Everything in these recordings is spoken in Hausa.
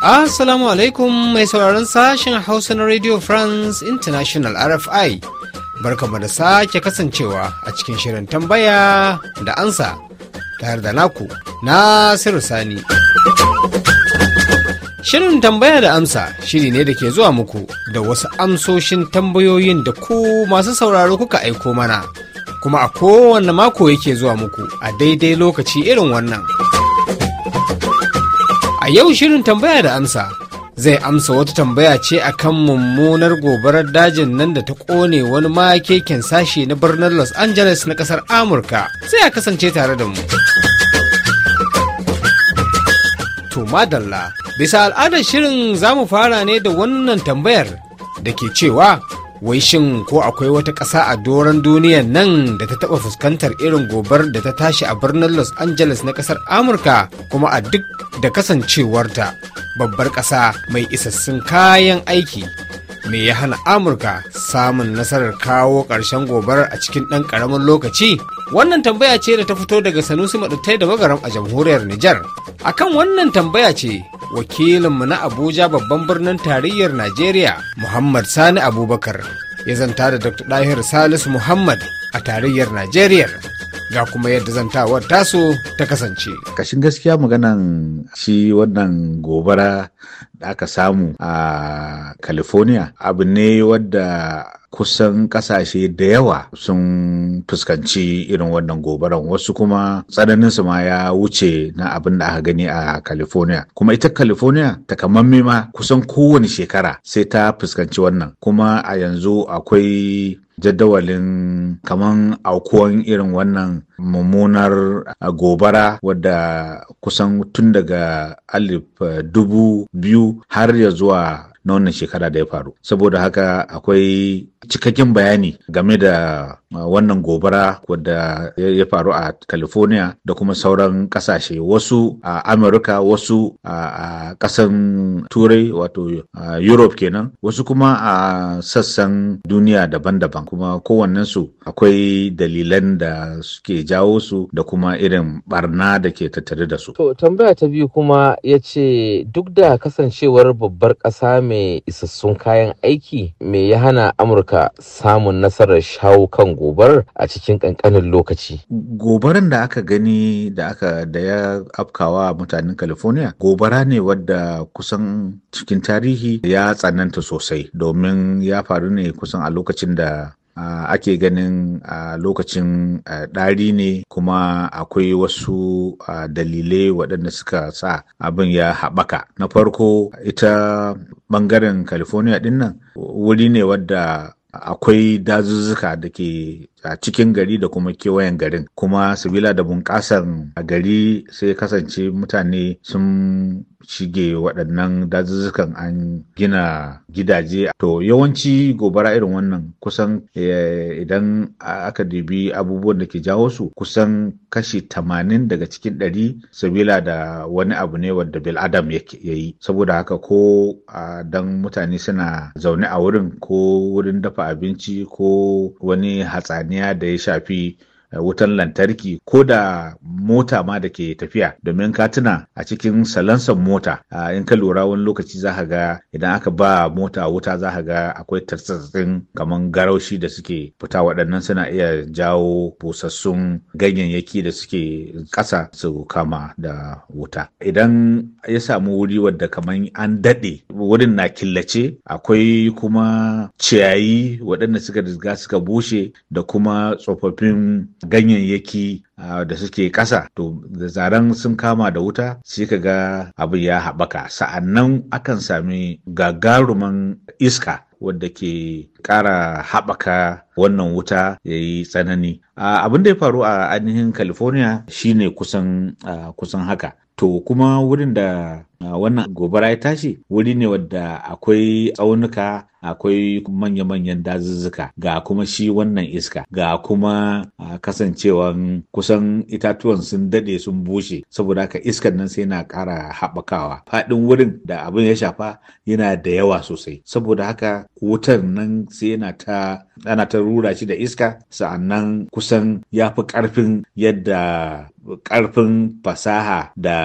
Assalamu alaikum mai sauraron sashen Hausa na Radio France International RFI. Barkamu da sake kasancewa a cikin shirin tambaya da ansa tare da naku na Sani. Shirin tambaya da amsa shiri ne da ke zuwa muku da wasu amsoshin tambayoyin da ku masu sauraro kuka aiko mana, kuma a kowane mako yake zuwa muku a daidai lokaci irin wannan. A yau shirin tambaya da amsa zai amsa wata tambaya ce a kan mummunar gobarar dajin nan da ta ƙone wani makeken sashi na birnin Los Angeles na ƙasar Amurka sai a kasance tare da mu. To madalla, bisa al'adar shirin zamu fara ne da wannan tambayar da ke cewa wai shin ko akwai wata ƙasa a doron duniyan nan da ta taɓa fuskantar irin gobar da ta tashi a birnin Los Angeles na ƙasar Amurka kuma a duk da kasancewarta babbar ƙasa mai isassun kayan aiki. me ya hana amurka samun nasarar kawo ƙarshen gobarar a cikin ɗan ƙaramin lokaci Wannan tambaya ce da ta fito daga Sanusi Maɗattai da Magaram a jamhuriyar Nijar. Akan wannan tambaya ce wakilinmu na Abuja babban birnin tarayyar Najeriya Muhammad Sani Abubakar ya zanta da Dr. Dahir Salisu Muhammad a tarayyar Najeriya. ga kuma yadda zantawar taso ta kasance. Kashin gaskiya maganan shi wannan gobara da aka samu a California abu ne wadda kusan kasashe da yawa sun fuskanci irin wannan gobaran wasu kuma tsananin su ma ya wuce na abin da aka gani a california kuma ita california takamamme ma kusan kowane shekara sai ta fuskanci wannan kuma a yanzu akwai jadawalin kaman aukuwan irin wannan mummunar gobara wadda kusan tun daga alif eh, dubu biyu har ya zuwa na wannan shekara da ya faru saboda haka akwai cikakken bayani game da wannan gobara wadda ya faru a california da kuma sauran kasashe wasu a amurka wasu a kasan turai wato europe kenan wasu kuma a sassan duniya daban-daban kuma kowannensu akwai dalilan da suke jawo su da kuma irin barna da ke tattare da su to tambaya ta biyu kuma ya ce duk da kasancewar babbar ƙasa mai isassun kayan aiki mai ya hana amurka samun nasarar shawo kan gobarar a cikin kankanin lokaci gobaran da aka gani da aka da ya afkawa mutanen california gobara ne wadda kusan cikin tarihi ya tsananta sosai domin ya faru ne kusan a lokacin da ake ganin a lokacin ɗari ne kuma akwai wasu dalilai waɗanda suka sa abin ya haɓaka na farko ita ɓangaren california ɗin nan, wuri ne wadda akwai dazuzzuka da ke a cikin gari da kuma kewayen garin kuma sabila da bunƙasar a gari sai kasance mutane sun shige waɗannan dazuzzukan an gina gidaje to yawanci gobara irin wannan kusan eh, idan aka dubi abubuwan da ke jawo su kusan kashi tamanin daga cikin ɗari sabila da wani abu ne wanda bil adam ya yi saboda haka ko dan mutane suna zaune a wurin ko wurin dafa abinci ko wani hatsaniya da ya shafi Eh, wutan lantarki ko da mota ma da ke tafiya domin ka tuna a cikin salansan mota eh, in ka lura wani lokaci za ka ga idan aka ba mota wuta za ka ga akwai tartsatsin kamar garaushi da suke fita waɗannan suna iya jawo busassun ganyayyaki da suke ƙasa su kama da wuta idan ya samu wuri wadda kamar an daɗe wurin na killace akwai kuma ciyayi waɗanda suka riga suka bushe da kuma tsofaffin ganyayyaki da suke ƙasa to da zaren sun kama da wuta sai ka ga abin ya haɓaka sa'annan akan sami gagaruman iska wadda ke ƙara haɓaka wannan wuta ya yi tsanani abin da ya faru a ainihin california shine kusan haka to kuma wurin da wannan gobara ya tashi wuri ne wadda akwai tsaunuka akwai manya-manyan dazuzzuka ga kuma shi wannan iska ga kuma kasancewan kusan itatuwan sun dade sun bushe saboda haka iskan nan sai na kara haɓakawa faɗin wurin da abin ya shafa yana da yawa sosai saboda haka wutar nan sai yana ta ana ta rura shi da iska sa'annan kusan ya fi ƙarfin yadda ƙarfin fasaha da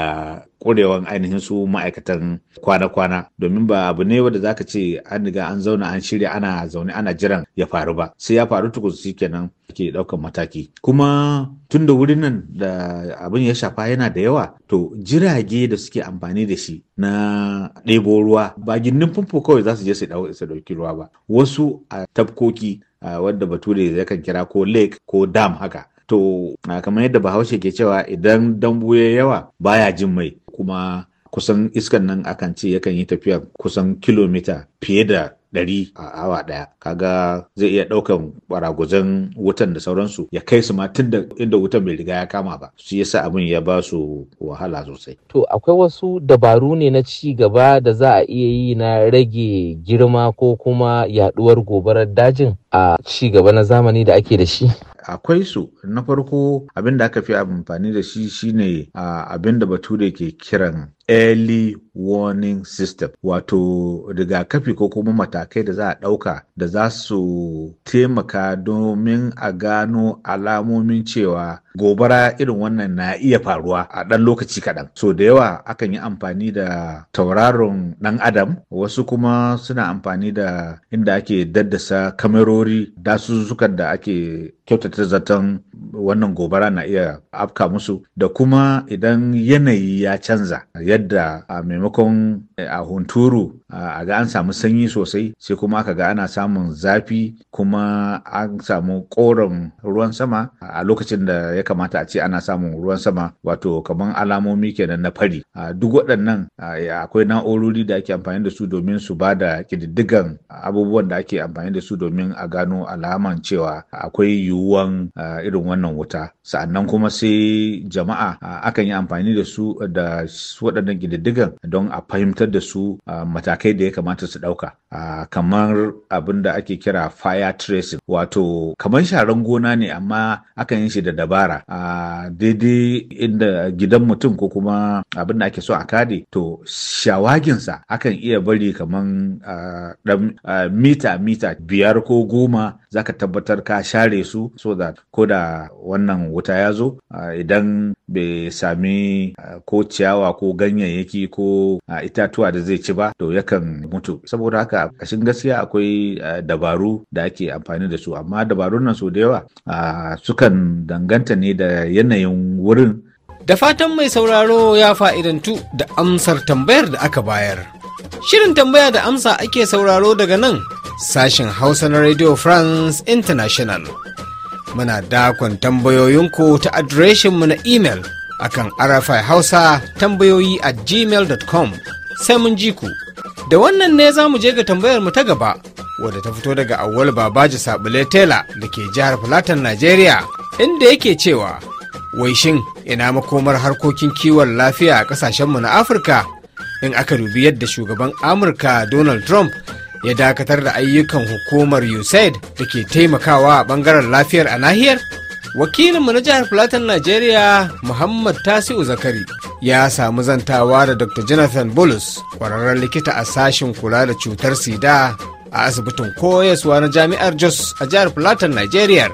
ƙurewan ainihin su ma'aikatan kwana-kwana domin ba abu ne wanda zaka ce an riga an zauna an shirya ana zaune ana jiran ya faru ba sai ya faru tukun kenan ke ɗaukan mataki kuma tun da wurin nan da abin ya shafa yana da yawa to jirage da suke amfani da shi na ɗebo ruwa ba gindin famfo kawai za su je su ɗauki ruwa ba wasu a tafkoki wadda bature yakan kira ko lake ko dam haka to kamar yadda bahaushe ke cewa idan dambu ya yawa baya jin mai kuma kusan iskan nan akan ce yakan yi tafiya kusan kilomita fiye da ɗari a awa ɗaya kaga zai iya ɗaukan baragujen wutan da sauransu ya kai su ma tun da inda wutan bai riga ya kama ba su sa abin ya ba su wahala sosai to akwai wasu dabaru ne na ci gaba da za a iya yi na rage girma ko kuma yaduwar gobarar dajin a ci gaba na zamani da ake da shi akwai su na farko abin da aka fi amfani da shi shine ah, abin da bature ke kiran early warning system wato rigakafi ko kuma matakai da za a ɗauka da za su taimaka domin a gano alamomin cewa gobara irin wannan na iya faruwa a ɗan lokaci kaɗan so da yawa akan yi amfani da tauraron ɗan adam wasu kuma suna amfani da inda ake daddasa kamerori dazuzzukan da ake kyautata zaton wannan gobara na iya afka musu da kuma idan yanayi ya canza yadda a maimakon eh, a hunturu a ga an samu sanyi sosai sai kuma aka ga ana samun zafi kuma an samu koren ruwan sama a lokacin da ya kamata a ce ana samun ruwan sama wato kamar alamomi kenan na fari a duk waɗannan akwai na'urori da ake amfani da su domin su ba da ƙididdigan abubuwan da ake amfani da su domin a gano alaman cewa akwai yiwuwan irin wannan wuta sa'annan kuma sai jama'a akan yi amfani da su da waɗannan waɗannan ƙididdigan don a fahimtar da su matakai da ya kamata su ɗauka kamar abin da ake kira fire tracing wato kamar sharan gona ne amma akan yin shi da dabara daidai inda gidan mutum ko kuma abin da ake so a kade to shawaginsa akan iya bari kamar mita mita biyar ko goma zaka tabbatar ka share su so da ko da wannan wuta ya zo idan bai sami ah, ko ciyawa ko ganyayyaki ko ah, itatuwa da zai ci ba to yakan mutu saboda haka kashin gaskiya akwai ah, dabaru da ake amfani da su amma dabarun nan su da yawa sukan danganta ne da yanayin wurin da fatan mai sauraro ya fa'idantu da amsar tambayar da aka bayar shirin tambaya da amsa ake sauraro daga nan sashen hausa na radio france international muna dakon tambayoyinku ta adireshinmu na imel akan arafai hausa tambayoyi a gmail.com sai mun ji ku da wannan ne za mu je ga tambayar mu ta gaba wadda ta fito daga awwal babaji sabule tela da ke jihar filatan najeriya inda yake cewa waishin ina makomar harkokin kiwon lafiya a kasashenmu na afirka in aka dubi yadda shugaban amurka donald trump ya dakatar da ayyukan hukumar USAID da ke taimakawa a bangaren lafiyar a nahiyar? Wakilinmu na jihar Fulatan Najeriya Muhammad Tasi'u Zakari ya samu zantawa da Dr. Jonathan Bulus, ƙwararren likita a sashen kula da cutar sida a asibitin koyaswa na jami'ar Jos a jihar Fulatan Najeriya.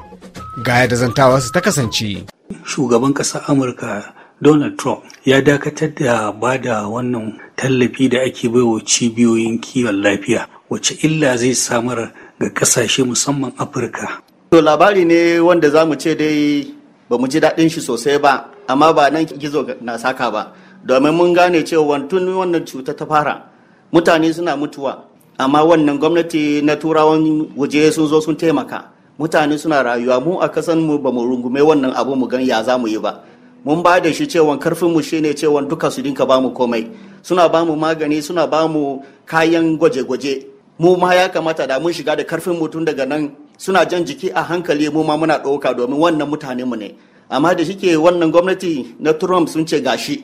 Ga yadda zantawa su ta kasance. Shugaban ƙasar Amurka Donald Trump ya dakatar da ba da wannan tallafi da ake baiwa cibiyoyin kiwon lafiya Wace illa zai samar ga kasashe musamman afirka to labari ne wanda za mu ce dai ba mu ji daɗin shi sosai ba amma ba nan gizo na saka ba domin mun gane cewa tun wannan cuta ta fara mutane suna mutuwa amma wannan gwamnati na turawan waje sun zo sun taimaka mutane suna rayuwa mu a kasan mu ba mu rungume wannan abu mu gan ya za mu yi ba mun ba da shi cewa karfin mu shine cewa duka su dinka bamu komai suna bamu magani suna bamu kayan gwaje-gwaje mu ma ya kamata da mun shiga da karfin mutum daga nan suna jan jiki a hankali mu ma muna ɗauka domin wannan mutane mu ne amma da shike wannan gwamnati na Trump sun ce gashi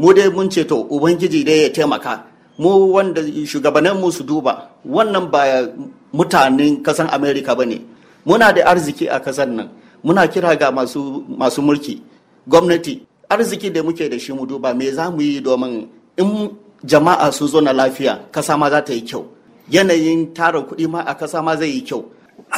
mu dai mun ce to ubangiji dai ya taimaka mu wanda shugabannin mu su duba wannan ba mutanen kasan America ba ne muna da arziki a kasan nan muna kira ga masu masu mulki gwamnati arziki da muke da shi mu duba me za mu yi domin in jama'a sun zo na lafiya kasa ma za ta yi kyau yanayin tara kuɗi ma a kasa ma zai yi kyau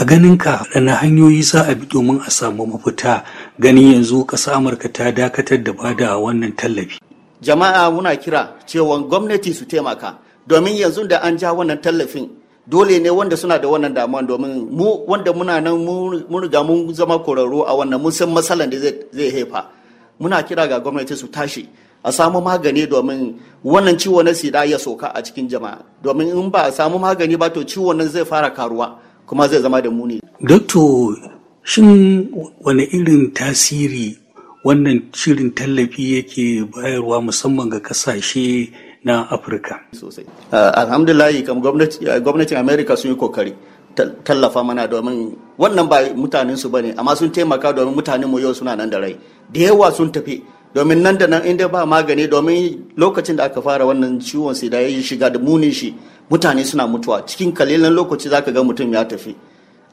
a ganin ka na hanyoyi za a bi domin a samu mafita ganin yanzu ƙasa amurka ta dakatar da bada wannan tallafi jama'a muna kira cewa gwamnati su taimaka domin yanzu da an ja wannan tallafin dole ne wanda suna da wannan damuwa domin mu wanda muna nan mun riga mun zama kwararru a wannan mun san matsalan da zai haifa muna kira ga gwamnati su tashi a samu magani domin wannan ciwo na sida ya soka a cikin jama'a domin in ba a samu magani ba to ciwo nan zai fara karuwa kuma zai zama da muni. Dokto shin wani irin tasiri wannan shirin tallafi yake bayarwa musamman ga kasashe na Afirka? Sosai. Ah, Alhamdulahi kam ah, gwamnatin Amerika sun yi kokari. tallafa mana domin wannan ba mutanen su bane amma sun taimaka domin mutanen mu yau suna nan da rai da yawa sun tafi domin nan da nan inda ba magani domin lokacin da aka fara wannan ciwon sida ya shiga da munin shi mutane suna mutuwa cikin kalilan lokaci zaka ga mutum ya tafi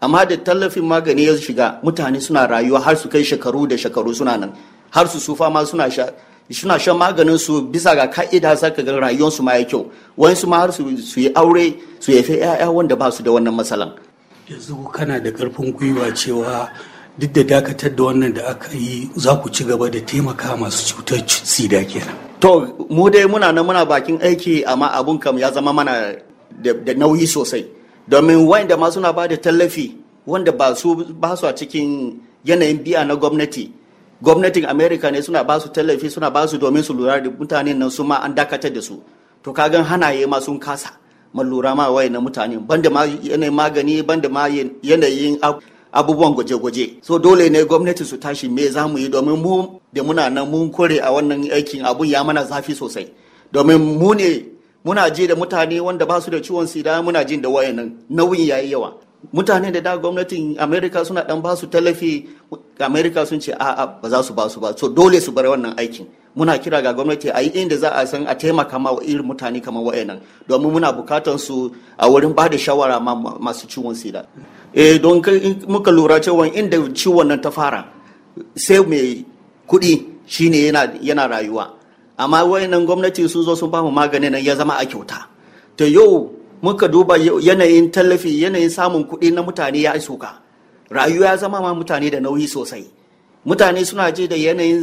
amma da tallafin magani ya shiga mutane suna rayuwa har su kai shekaru da shekaru suna nan har su sufa ma suna sha suna shan maganin su bisa ga ka'ida za ka ga su ma ya kyau wani su ma har su yi aure su yafe 'ya'ya wanda ba su da wannan matsalan yanzu kana da karfin gwiwa cewa duk da dakatar da wannan da aka yi za ku ci gaba da taimaka masu cutar sida kenan. To mu dai muna nan muna bakin aiki amma abun kam ya zama mana da nauyi sosai domin wanda ma suna ba da tallafi wanda ba su ba su a cikin yanayin biya na gwamnati gwamnatin america ne suna ba su tallafi suna ba su domin su lura da mutanen nan su ma an dakatar da su to ka gan hanaye ma sun kasa mallura ma waye na mutane banda ma yanayin magani banda ma yanayin abubuwan gwaje-gwaje so dole ne gwamnati su tashi me za mu yi domin mu da muna nan mun kore a wannan aikin abun ya mana zafi sosai domin mu ne muna ji da mutane wanda ba su da ciwon sida muna jin da wayannan nauyin yayi yawa mutane da da gwamnatin amerika suna dan ba su tallafi amerika sun ce a'a ba za su ba su ba so dole su bar wannan aikin muna kira ga gwamnati a yi inda za a san a taimaka ma irin mutane kamar wayannan domin muna bukatar su a wurin ba da shawara masu ciwon sida eh don muka lura cewa inda ciwon nan ta fara sai mai kuɗi shine yana rayuwa amma wayannan gwamnati sun zo sun ba mu maganin nan ya zama a kyauta to yau muka duba yanayin tallafi yanayin samun kuɗi na mutane ya ka. rayuwa ya zama ma mutane da nauyi sosai mutane suna je da yanayin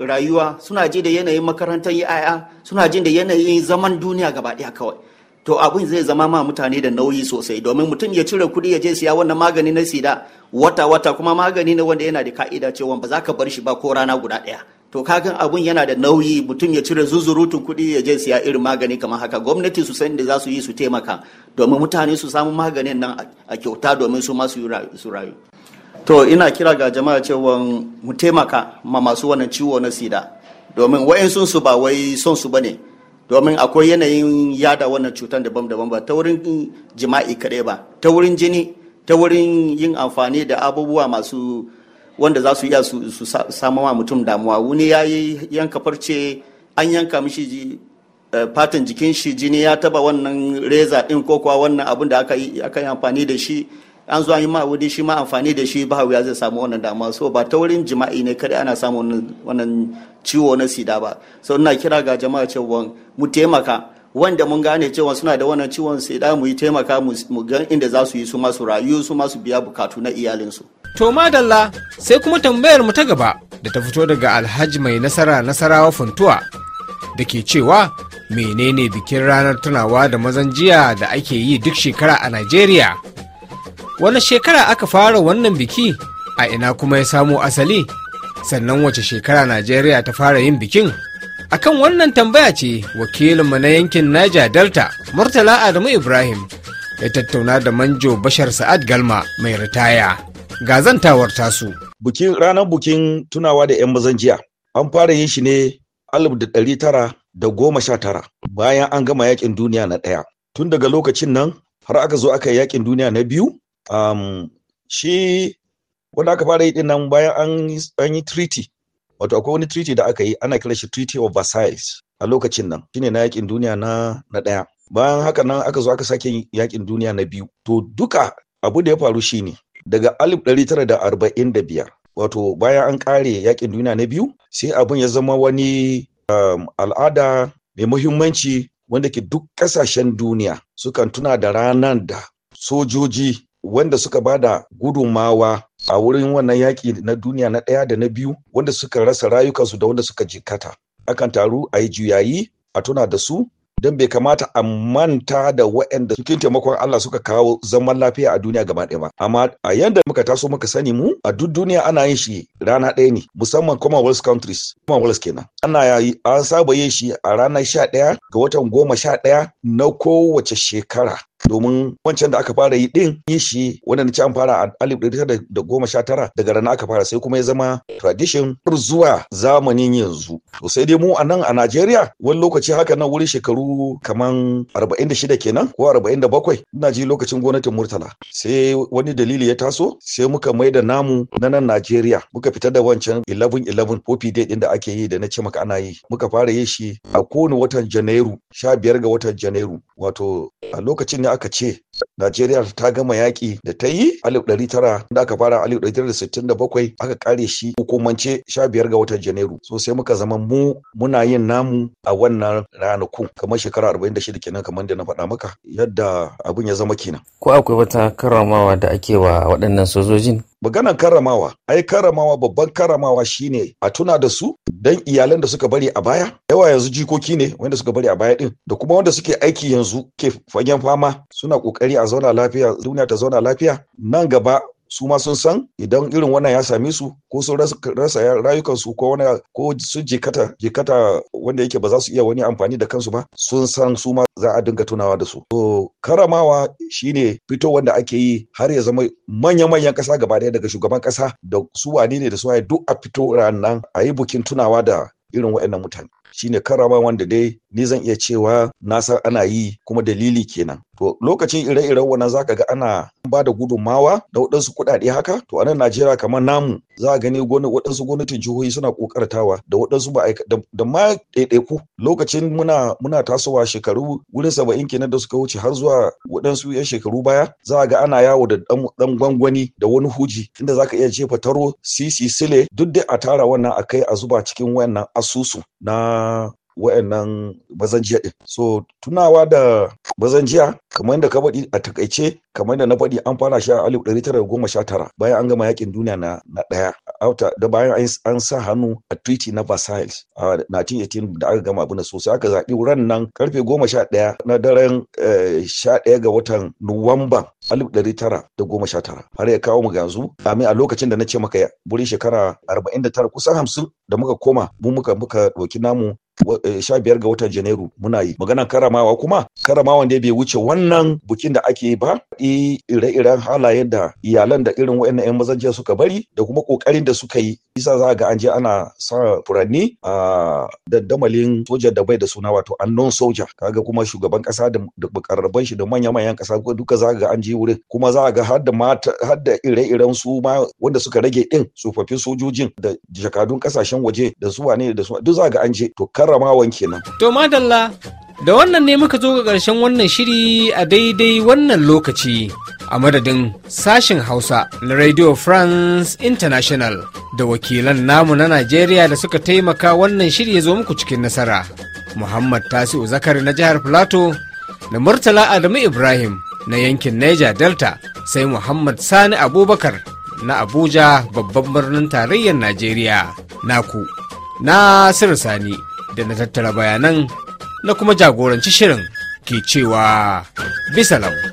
rayuwa suna je da yanayin makarantar yaya suna je da yanayin zaman duniya gaba ɗaya kawai to abin zai zama ma mutane da nauyi sosai domin mutum ya cire kuɗi ya je siya wannan magani na sida wata wata kuma magani ne wanda yana da ka'ida cewa ba za ka bar shi ba ko rana guda ɗaya to kakan abun yana da nauyi mutum ya cire zuzurutu kuɗi ya je siya irin magani kamar haka gwamnati su san da za su yi su taimaka domin mutane su samu maganin nan a kyauta domin su masu su rayu to ina kira ga jama'a cewa mu taimaka ma masu wannan ciwo na sida domin wa'insu su ba wai son su bane domin akwai yanayin yada wannan cutar daban-daban ba ta wurin jima'i kaɗai ba ta wurin jini ta wurin yin amfani da abubuwa masu wanda za su iya su samu wa mutum damuwa wani ya yi yanka farce an yanka mishi eh, fatan jikin shi jini ya taba wannan reza din ko kuwa wannan abin da aka yi amfani da shi an zo an yi ma wani shi ma amfani da shi ba ya zai samu wannan damuwa so ba ta wurin jima'i ne kada ana samun wannan ciwo na sida ba so ina kira ga jama'a cewa mu taimaka wanda mun gane cewa suna da wannan ciwon sida mu yi taimaka mu ga inda za su yi su masu rayu su masu biya bukatu na iyalinsu. To madalla sai kuma tambayar mu ta gaba da ta fito daga Alhaji mai nasara nasarawa funtuwa da ke cewa menene bikin ranar tunawa da mazan jiya da ake yi duk shekara a Najeriya. Wani shekara aka fara wannan biki a ina kuma ya samo asali sannan wace shekara Najeriya ta fara yin bikin? Akan wannan tambaya ce wakilinmu na yankin Niger Delta Murtala Adamu Ibrahim ya tattauna da manjo Bashar Sa'ad Galma mai ritaya. ga zantawar tasu. Bukin ranar bukin tunawa da 'yan mazan jiya an fara yin shi ne alif da ɗari tara da goma sha tara bayan an gama yakin duniya na ɗaya. Tun daga lokacin nan har aka zo aka yi yakin duniya na biyu. Um, shi wanda aka fara yi din nan bayan an yi treaty wato akwai wani treaty da aka yi ana kira shi treaty of versailles a lokacin nan shi ne na yakin duniya na na bayan haka nan aka zo aka sake yakin duniya na biyu to duka abu da ya faru shi ne. daga 1945 wato bayan an kare yakin duniya na biyu sai abin ya zama wani um, al'ada mai muhimmanci wanda ke duk kasashen duniya sukan tuna da ranar da sojoji wanda suka ba da gudunmawa a wurin wannan yaƙi na duniya na ɗaya da na biyu wanda suka rasa rayukansu da wanda suka jikata akan taru a yi juyayi a tuna da su don bai kamata a manta da waɗanda cikin taimakon Allah suka kawo zaman lafiya a duniya gaba ɗaya ba amma a yanda muka taso muka sani mu a duk duniya ana yin shi rana ɗaya ne musamman Commonwealth countries Commonwealth kenan ana yayi an saba yin shi a ranar sha ɗaya ga watan goma sha ɗaya na kowace shekara domin wancan da aka fara yi din yin shi wanda na ci an fara a alif da goma sha tara daga rana aka fara sai kuma ya zama tradition har zuwa zamanin yanzu to sai dai mu a nan a Najeriya wani lokaci haka nan wurin shekaru kaman 46 kenan ko 47 ina ji lokacin gwamnatin Murtala sai wani dalili ya taso sai muka mai da namu na nan Najeriya muka fitar da wancan 11-11 poppy dai din da ake yi da na ce maka ana yi muka fara yi shi a kowane watan Janairu 15 ga watan Janairu wato a lokacin ne aka ce Najeriya ta gama yaƙi da ta yi alif ɗari tara da aka fara alif ɗari da sittin da bakwai aka kare shi hukumance sha biyar ga watan Janairu so sai muka zama mu muna yin namu a wannan ranakun kamar shekara arba'in da shida kenan kamar da na faɗa maka yadda abin ya zama kenan. Ko akwai wata karamawa da ake wa waɗannan sojojin? maganan karamawa ai karamawa babban karamawa shine a tuna da su dan iyalan da suka bari a baya yawa yanzu jikoki ne wanda suka bari a baya din da kuma wanda suke aiki yanzu ke fagen fama suna kokari a zauna lafiya duniya ta zauna lafiya nan gaba su ma sun san idan irin wannan ya same su ko sun rasa rayukansu ko wani ko sun jikata jikata wanda yake ba za su iya wani amfani da kansu ba sun san su ma za a dinga tunawa da su to karamawa shine fito wanda ake yi har ya zama manya-manyan kasa gaba daya daga shugaban kasa da su wane ne da su waye duk a fito ranan a yi bukin tunawa da irin waɗannan mutane shine karama wanda dai ni zan iya cewa na san ana yi kuma dalili kenan to lokacin ire-iren wannan zaka ga ana ba da gudunmawa da waɗansu kuɗaɗe haka to a nan najeriya kamar namu za a gani waɗansu gwamnatin jihohi suna ƙoƙartawa da waɗansu ma'aikata da ma ɗaiɗaiku lokacin muna muna tasowa shekaru wurin saba'in kenan da suka wuce har zuwa waɗansu yan shekaru baya za a ga ana yawo da ɗan gwangwani da wani huji inda zaka iya jefa taro sisi sile duk dai a tara wannan a kai a zuba cikin wannan asusu na wa'annan bazanjiya din so tunawa da bazanjiya kamar yadda ka faɗi a takaice kamar yadda na faɗi an fara shi a alif ɗari tara goma sha tara bayan an gama yakin duniya na na ɗaya da bayan an sa hannu a treaty na versailles a 1918 da aka gama abin sosai aka zaɓi wurin nan karfe goma sha ɗaya na daren eh, sha ɗaya ga watan nuwamba alif ɗari tara da goma sha tara har ya kawo mu yanzu amin a lokacin da na ce maka wurin shekara arba'in da tara kusan hamsin da muka koma mu muka muka ɗauki namu Eh, sha biyar ga watan janairu muna yi maganan karamawa kuma karamawan da bai wuce wannan bukin da ake yi ba ire-iren halayen da iyalan da irin wa'annan 'yan mazan jiya suka bari da kuma kokarin da suka yi isa za ga an je ana sa furanni a dandamalin soja da bai da suna wato unknown soja kaga kuma shugaban kasa da karraban shi da manya-manyan kasa duka za ga an je wurin kuma za ga har da mata har da ire-iren su ma wanda suka rage din tsofaffin sojojin da jakadun kasashen waje da su wane da su duk za ga an je to karramawan kenan to madalla da wannan ne muka zo ga ƙarshen wannan shiri a daidai wannan lokaci a madadin sashen hausa na radio france international da wakilan namu na najeriya da suka taimaka wannan shiri ya zo muku cikin nasara muhammad tasiu zakari na jihar plateau da murtala adamu ibrahim na yankin niger delta sai muhammad sani abubakar na abuja babban birnin tarayyar najeriya naku na sani da na tattara bayanan na kuma jagoranci shirin ke cewa bisa lau.